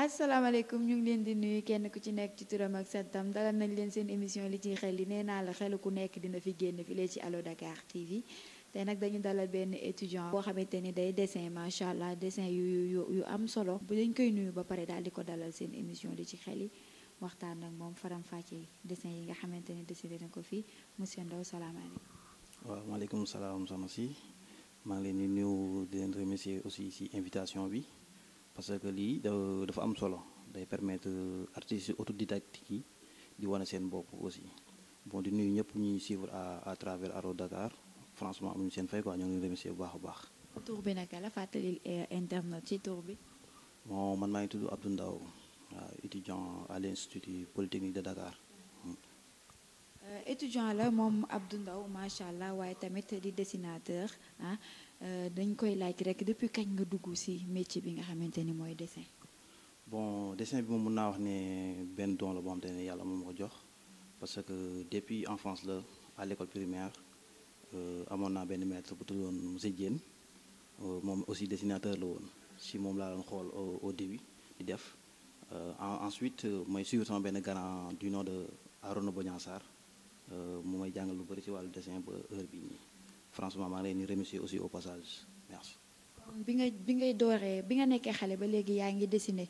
asalaamaaleykum ñu ngi leen di nuyu kenn ku ci nekk ci turam ak santam dalal seen émission li ku Dakar TV te nag dañu étudiant boo xamante day dessin macha dessin yu yu yu am solo bu dañ koy nuyu ba émission li ci faram-fàcce dessin yi nga dessiné monsieur Ndao salaamaaleykum. waaw maaleykum salaam sama si maa aussi invitation bi parce que li dafa am solo day permettre artistes autodidactiques di wane sen bop aussi bon di nuyu ñep ñuy suivre à à travers Aro Dakar franchement amuñu sen fay quoi ñu ngi remercier bu baax baax. tour bi naka la fàttali eh, internet ci tour bi. bon man maa tuddu Abdou Ndao étudiant à l'Institut Polytechnique de Dakar. Hmm. Euh, étudiant la mom Abdou Ndao macha allah tamit di dessinateur ah. Euh, dañ koy laaj rek depuis kañ nga dugg ci métier bi nga xamante ni mooy dessin. bon dessin bi moom mën naa wax ne benn don la boo xamante ne yàlla moom ko jox parce que depuis enfance la à l'école primaire euh, amoon naa benn maître bu tuddoon monsieur Diène euh, moom aussi dessinateur la woon si moom laa doon xool au début di def ensuite mooy suivre sama benn grand du nom de Arona Bodian Sarr mu may jàngal lu bëri ci wàllu dessin ba heure bii nii franchement maa ni remercier aussi au passage merci. bi nga bi ngay dooree bi nga nekkee xalé ba légui ya ngi dessiner.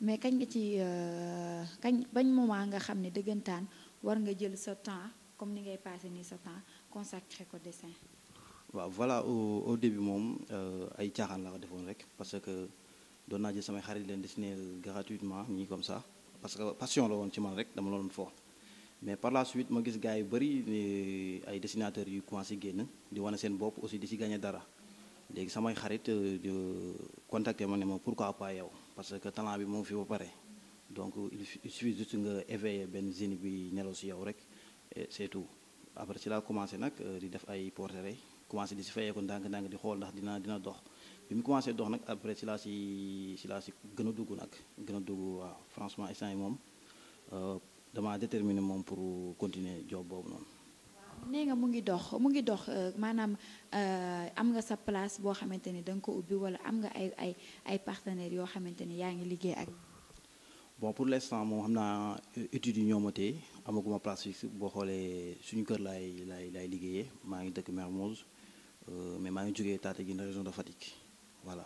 mais kagn nga ci euh, kagn bañ moment nga xamné deugentane war nga jël sa temps comme ni ngay passer ni sa temps consacré au dessin. Bah voilà au au début euh ay tiaxan la defon rek parce que doon naa jël samay xarit len dessiner gratuitement ni comme ça parce que passion la won ci man rek dama la fo mais par la suite ma gis gars yu bëri ay dessinateur yu commencé génn di wane seen bopp aussi di ci gagné dara léegi samay xarit euh, di euh, contacter ma ne ma pourquoi pas yow parce que talent bi moom fi ba pare donc il suffit juste nga éveiller benn génie bi nelaw si yow rek c'est tout après ci laa commencé nak euh, di def ay portraits commencé di si fayee ko ndànk-ndànk di xool ndax dina dina dox bi mu commencé dox nak après ci laa si ci laa si gën a dugg nag gën a dugg waaw franchement instant yi moom dama déterminé mom pour continuer job boobu non né nga mu ngi dox mu ngi dox euh, manam euh am nga sa place bo xamanteni dang ko ubbi wala am nga ay ay ay partenaire yo xamanteni ni yaa ngi ak. bon pour l'instant mom xamna étude études amaguma place fixe boo xoolee suñu kër laay lay lay liggéeyee ma ngi dëkk Mermoz euh, mais ma ngi jógee Tataguine région de Fatick voilà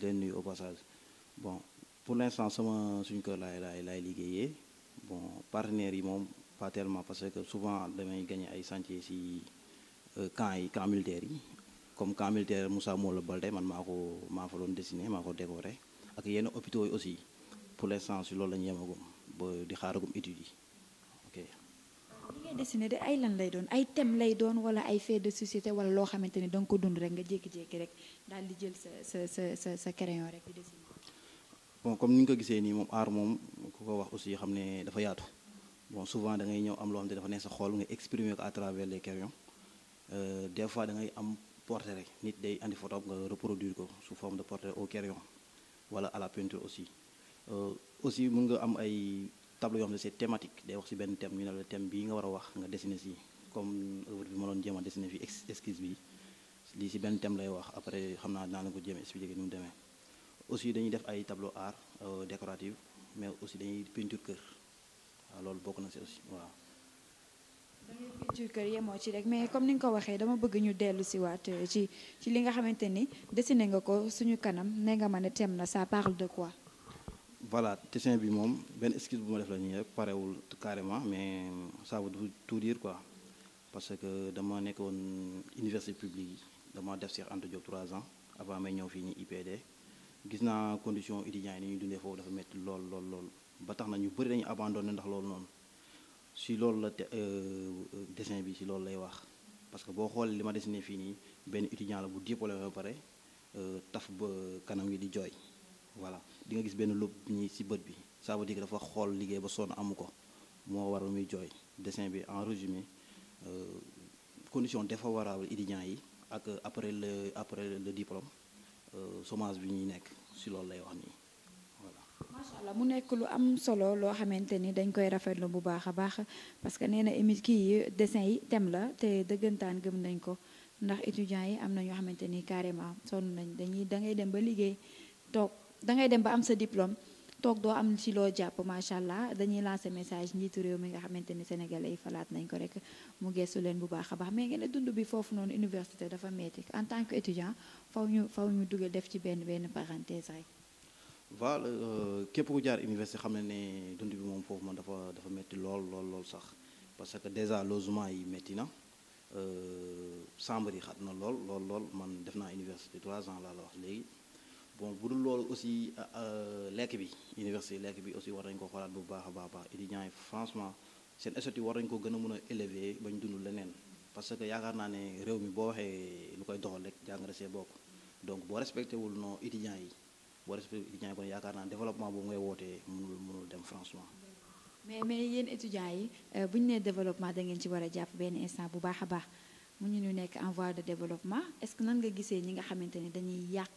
den nuyu au passage bon pour l'instant sama suñu kër laay lay lay liggéeyee. bon partenaires yi moom pas tellement parce que souvent damay gagné ay chantier si euh, camp yi camp militaire yi comme camp militaire Moussa Mawla Baldé man maa ko maa fa doon dessiné maa ko décoré ak yenn hôpitaux yi aussi pour l'instant si loolu la ñu yemagum ba di xaaragum études yi ok. li ngay dessiné de ay lan lay doon ay thème lay doon wala ay fait de société wala loo xamante ni da ko dund rek nga jékki-jékki rek daal di jël sa sa sa sa crayon rek bon comme ni ñu ko gisee nii moom aar moom ku ko wax aussi xamné dafa yaatu bon souvent da ngay ñew am lo xamné dafa ne sa xool nga exprimer ko à travers les crayons euh, des fois da ngay am portrait rek nit day andi photo nga reproduire ko sous forme de portrait au crayon wala à la peinture aussi euh aussi mën nga am ay tableau yo xamné c'est thématique day wax ci ben thème ñu na le thème bi nga wara wax nga dessiner ci comme œuvre bi ma don jema dessiner fi esquisse bi li ci ben thème lay wax après xamna naa dinaa ko jema expliquer ni mu aussi dañuy def ay tableau art euh, décoratif mais aussi dañuy peinture cœur waaw loolu bokk na si aussi waaw. peinture kër yemoo ci rek mais comme ni nga ko waxee dama bëgg ñu dellu si waat euh, ci ci li nga xamante ni dessiné nga ko suñu kanam ne nga ma ne thème na ça parle de quoi. voilà dessin bi moom benn esquisse bu ma def la nii rek parewul carrément mais ça veut tout dire quoi parce que dama nekkoon université publique dama def Cheikh Anta Diop 3 ans avant may ñëw fii nii IPD gis naa condition étudiant ni ñuy dundee foofu dafa métti lool lool lool ba tax na ñu bëri dañu abandonné ndax lool non si lool la euh dessin bi si lool lay wax parce que bo xol li ma dessiné fii nii benn étudiant la bu diplômé ba paré euh taf ba kanam yi di joy voilà di nga gis ben lub ñi ci bët bi ça veut dire que dafa xol liggéey ba son amuko mo moo muy joy dessin bi en résumé euh condition défavorable étudiant yi ak euh, après le après le diplôme Euh, chômage bi ñuy nekk si loolu lay wax nii voilà. macha mu nekk lu am solo loo xamante ni dañ koy rafetlu bu baax a baax parce que nee na émi kii dessin yi thème la te dëggantaan gëm nañ ko ndax étudiants yi am na ñoo xamante ni carrément sonn nañ dañuy da ngay dem ba liggéey toog da ngay dem ba am sa diplôme. toog doo am ci loo jàpp macha allah dañuy lancé message njiitu réew mi nga xamante ni sénégalais yi falaat nañ ko rek mu gestu leen bu baax a baax mais ngeen ne dundu bi foofu noonu université dafa metti en tant que étudiant faw ñu faw ñu dugal def ci benn benn parenthèse rek. voilà euh, képp ku jaar université xam ne ne dund bi moom foofu man dafa dafa métti lool lool lool sax parce que déjà logement yi métti na. Euh, chambre yi xat na lool lool lool man def naa université trois ans la wax léegi bon bu dul loolu aussi euh, euh lekk bi université lekk bi aussi war nañ ko xoolaat bu baax a baax baax franchement sen esoti war nañ ko gëna mëna mën élever bañ dund leneen parce que yaakar na né réew mi bo waxé lu koy doxal rek jàng see bok donc bo respecté wul no étudiant yi bo respecté étudiant yi kon yaakaar naa développement bu ngay woté mënul mënul dem franchement. mais mais yeen étudiant yi euh, buñ né développement da ngeen ci wara japp jàpp instant bu baax a baax mu ñu ñu nekk en voie de développement est-ce que nan nga gisee ñi nga xamante dañuy yaq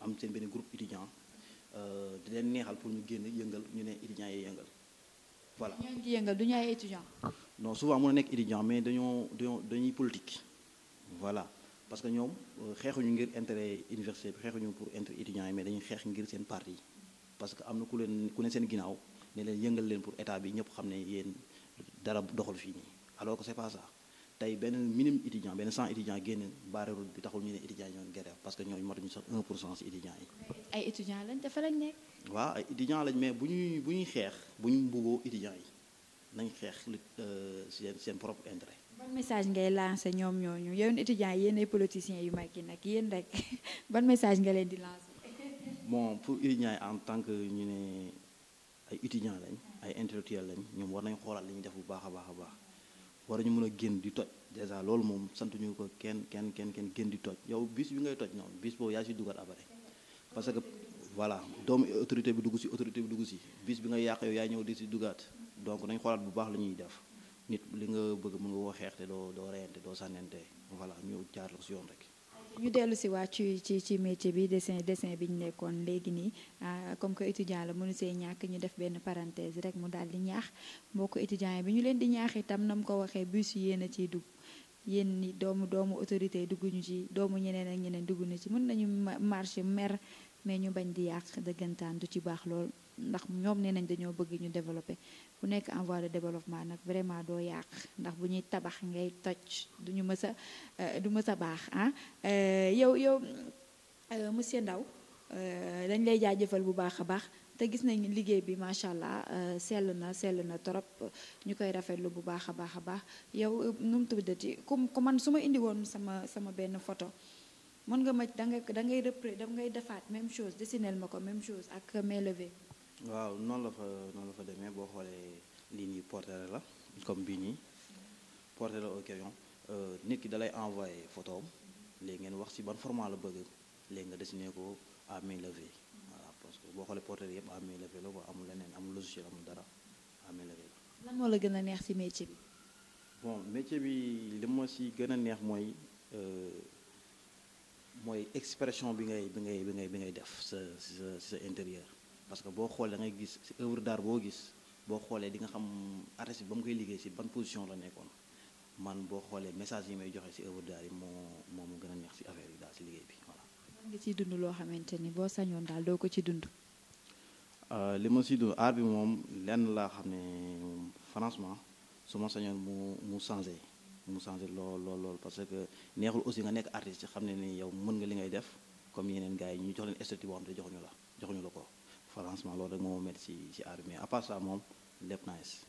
am seen benn groupe étudiant euh, di leen neexal pour ñu génn yëngal ñu ne étudiants yi yëngal voilà. ñooñu di yëngal du ñu ay étudiants. non souvent mën na nekk étudiant mais dañoo dañoo dañuy politique voilà parce que ñoom euh, xeexuñu ngir intérêt université bi xeexuñu pour intérêt étudiant yi mais dañuy xeex ngir seen parti parce que am na ku leen ku ne seen ginnaaw ne leen yëngal leen pour état bi ñëpp xam ne yéen dara doxal fii nii alors que c'est pas ça. tey benn minimum étudiant benn cent étudiant génn barre bi taxul ñu ne étudiant yi ñoon grève parce que ñooñu matuñu sax 1 pour cent yi. ay étudiant lañ dafa lañ nekk. waaw ay étudiant lañ mais bu ñuy bu ñuy xeex bu ñu mbubboo étudiant yi nañ xeex li euh, seen seen propre intérêt. message ngay lancé ñoom ñooñu yow étudiant yéen ay politiciens yu mag yi nag yéen rek ban message nga leen di lancé. bon pour étudiants yi en tant que ñu ne ay étudiant lañ ay intellectuel lañ ñoom war nañ xoolaat li ñuy def bu baax a baax a baax. warañu mën a génn di toj dèjà loolu moom sant ñu ko kenn kenn kenn kenn génn di toj yow ya, bis bi ngay toj ñoom bis boobu yaa si dugal après parce que voilà doomu autorité bi dugg si autorité bi dugg si bis bi ngay yàq yow yaay ya, ñëw di si dugaat donc nañ xoolaat bu baax la ñuy def nit li nga bëgg mu nga woo xeexte doo doo reyante doo sànnente voilà ñëw jaar la si yoon rek ñu dellu si waat ci ci ci métier bi dessin dessin bi ñu nekkoon léegi nii ah, comme que étudiant la mënu see ñàkk ñu def benn parenthèse rek mu daal di ñaax mbokk étudiant yi bi ñu leen di ñaax itam na mu ko waxee bus yéen a ciy dugg yéen ni doomu doomu autorité dugguñu ci doomu ñeneen ak ñeneen dugg na ci mën nañu marché mer mais ñu bañ di yàq dëggantaan du ci baax lool. ndax ñoom nee nañ dañoo bëgg ñu développer ku nekk envoir voie développement nag vraiment doo yàq ndax bu ñuy tabax ngay toj duñu ñu a euh, du mës a baax ah yow yow euh, monsieur Ndao dañ lay jaajëfal bu baax a baax te gis nañ liggéey bi macha allah sell na sell na trop ñu koy rafetlu bu baax a baax a baax yow nu mu tuddati ku man su ma indi woon sama sama benn photo mën nga ma da ngay da ngay repré da ngay defaat même chose dessinel ma ko même chose ak main waaw non la fa la fa comme la au euh, nit ki dalay photo wax à parce que à logiciel dara à bon métier bi ci expression intérieur. parce que boo xoolee da gis si œuvre d'art boo gis boo xoolee di nga xam artiste ba mu koy liggéey si ban position la nekkoon man boo xoolee message yi may joxe si œuvre yi moo moo mu gën a neex si affaire bi daal si liggéey bi voilà. nga ciy dund loo xamante ni boo sañoon daal doo ko ci dund. Euh, li ma si dund bi moom lenn laa xam ne franchement su ma sañoon mu mu changé mu changé lool lool lool parce que neexul aussi nga nekk artiste xam ne ni yow mën nga li ngay def comme yeneen gars yi ñu jox leen esthétique boo xam ne joxuñu la joxuñu la ko. franchement loolu rek moo ma métti ci ci aar mais à part ça moom lépp naa yes.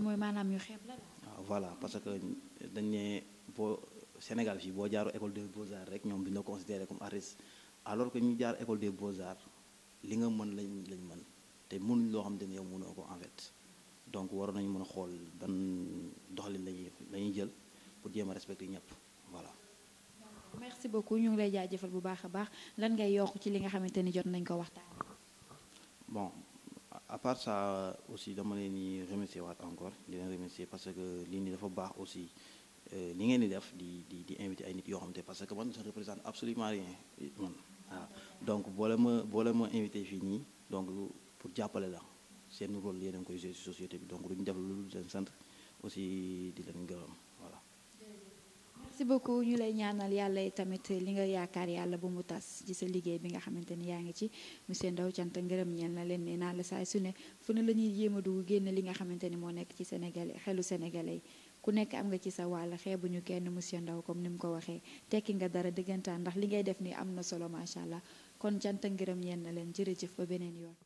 mooy maanaam ñu xeeb la waaw ah, voilà parce que dañ ne boo Sénégal fii boo jaaru école des beaux arts rek ñoom duñ la considéré comme artiste alors que ñu jaar école des beaux arts li nga mën lañ lañ mën te mënuñ loo xam te ne yow mënoo ko en fait donc waroon nañu mën a xool ban doxalin lañuy lañuy jël pour jéem a respecter ñëpp voilà. merci beaucoup ñu ngi lay jaajëfal bu baax a baax lan ngay yokk ci li nga xamante ni jot nañ ko waxtaan. bon à part ça euh, aussi je leen remercier encore je leen remercier parce que lii nii dafa aussi euh, li ngeen di di di di invité ay nit parce que moi je ne représente absolument rien donc voilà moi invité fini, donc pour jàppale pas là rôle lien a ngi koy société donc nous def lu centre aussi de leen merci beaucoup ñu lay ñaanal yàlla tamit li nga yaakaar yàlla bu mu tas ci sa liggéey bi nga xamante ni yaa ngi ci monsieur ndaw cant ngërëm ñeel na leen ne naa la saay su ne fu ne la ñuy jéem a dugg génn li nga xamante ni moo nekk ci sénégalais xelu sénégalais yi ku nekk am nga ci sa wàll xeebu ñu kenn monsieur ndaw comme ni mu ko waxee tekki nga dara dëggantaan ndax li ngay def ni am na solo macha allah kon cant ngërëm ñeel na leen jërëjëf ba beneen yoon